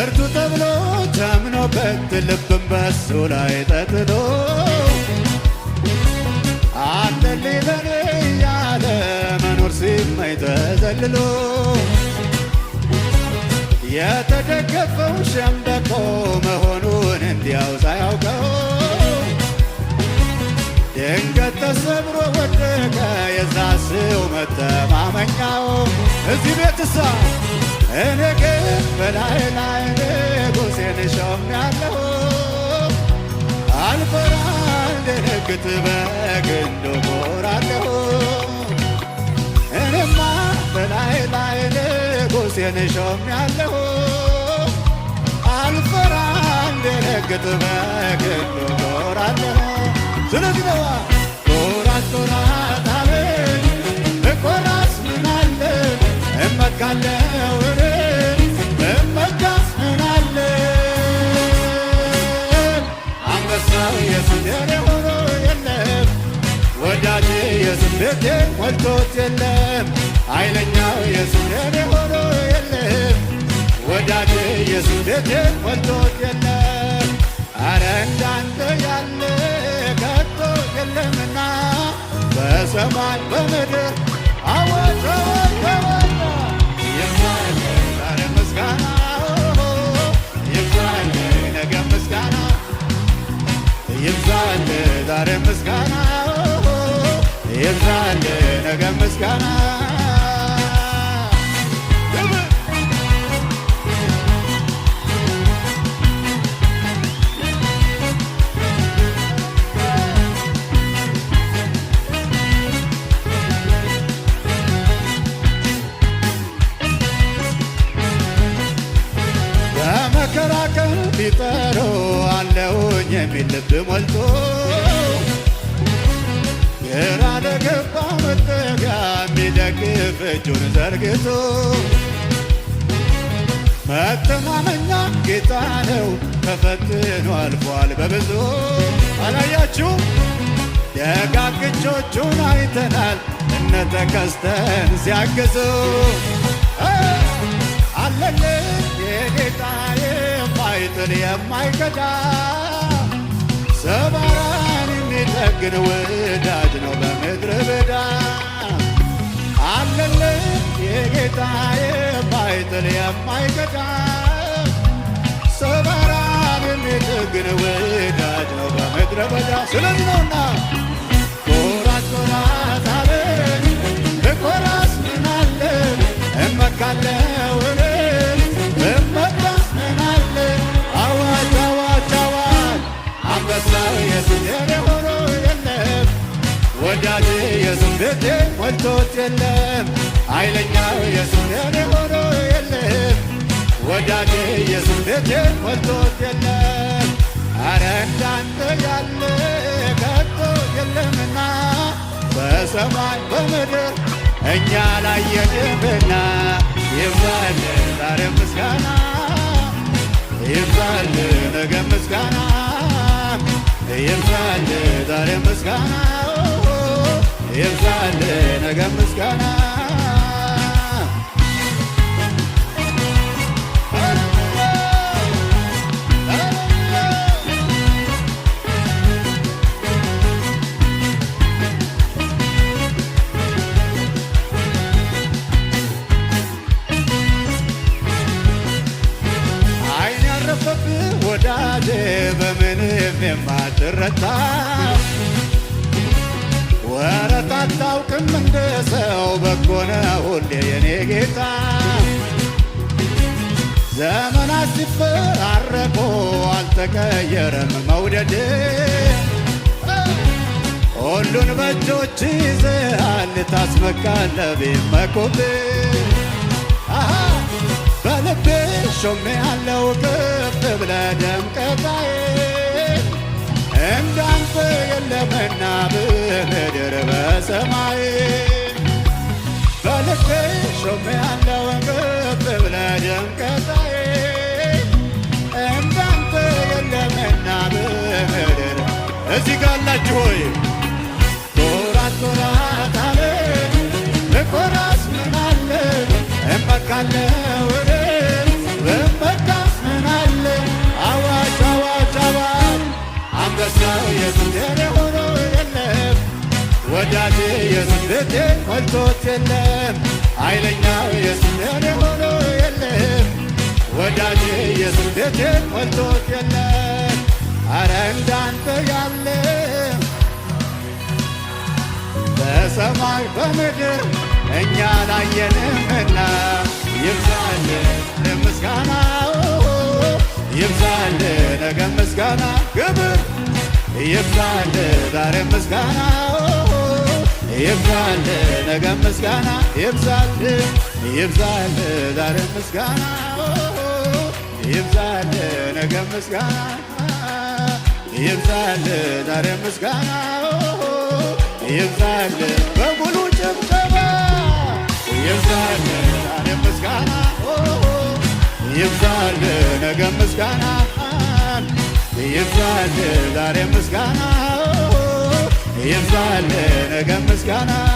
እርቱ ተብሎ ታምኖበት ልብን በሱ ላይ ጠጥሎ አትልይ በኔ ያለ መኖር ሲመኝ ተዘልሎ የተደገፈው ሸምበቆ መሆኑን እንዲያው ሳያውቀው ድንገት ተሰብሮ ወደቀ የዛ ሰው መተማመኛው እዚህ ቤትሳ እኔ ግን በላይ ላይ ንጉሴን ሾሜያለሁ። አልፈራ እንድንግት በግንዱ እኮራለሁ። እኔማ በላይ ላይ ንጉሴን ሾሜያለሁ። አልፈራ እንድንግት በግንዱ እኮራለሁ። ስለዚህ ነዋ ልቤ ሞልቶት የለም ኃይለኛው ኢየሱስ የኔ ሆኖ የለም ወዳጄ ኢየሱስ ልቤ ሞልቶት የለም አረ እንዳንተ ያለ ከቶ የለምና በሰማይ በምድር አወተወተወ ይብዛል ዛሬ ምስጋና ይብዛል ነገ ምስጋና በመከራከር ቢጠሩ አለውኝ የሚል ልብ ሞልቶ ግራ ለገባው መጠጋ የሚደግፍ እጁን ዘርግቶ መተማመኛ ጌታ ነው ተፈትኖ አልፏል በብዙ አላያችሁ ደጋግ አይተናል እነ ተከስተን ሲያግዙ አለል የጌታ የማይጥል የማይከዳ ግን ወዳጅ ነው በምድረ በዳ አለለ የጌታ የማይጥል የማይከዳ ሰባራ የሚጠግን ወዳጅ ነው በምድረ በዳ ልቤ ሞልቶት የለም ኃይለኛው የሱኔን ሆኖ የለም ወዳጄ ኢየሱስ ልቤ ሞልቶት የለም አረ እንዳንተ ያለ ከቶ የለምና በሰማይ በምድር እኛ ላይ የደምና ይባል ዛሬ ምስጋና ይባል ነገ ምስጋና ይባል ዛሬ ምስጋና ይብዛል ነገ ምስጋና አይን ያረፈብህ ወዳጄ በምንም የማትረታ አላውቅም እንደ ሰው በጎ ነው ሁሌ የኔ ጌታ። ዘመናት ሲፈራረቁ አልተቀየረም መውደድ ሁሉን በእጆች ይዘሃል ታስመካለህ ቢመኩብ በልቤ ሾሜ ያለው ክፍት ብለህ ደምቀህ እንዳንተ የለምና ሰማይ በልክ ሾሜ ያለው ቅብ ብለ ደምቀጣይ እንዳንተ የለምና በምድር እዚህ ልቤ ሞልቶት የለም ኃይለኛ የስሜን የሆነ የለም ወዳጄ ኢየሱስ ቤቴ ሞልቶት የለም አረ እንዳንተ ያለ በሰማይ በምድር እኛ ላየንምና ይብዛል ምስጋና ይብዛል ነገ ምስጋና ግብር ይብዛል ዛሬ ምስጋና ይብዛል ነገ ምስጋና ይብዛል ይብዛል ዛሬ ምስጋና ይብዛል ነገ ምስጋና ይብዛል ዛሬ ምስጋና ይብዛል በሙሉ ጭብጨባ ይብዛል ዛሬ ምስጋና ይብዛል ነገ ምስጋና ይብዛል ዛሬ ምስጋና የዛለ ነገ ምስጋና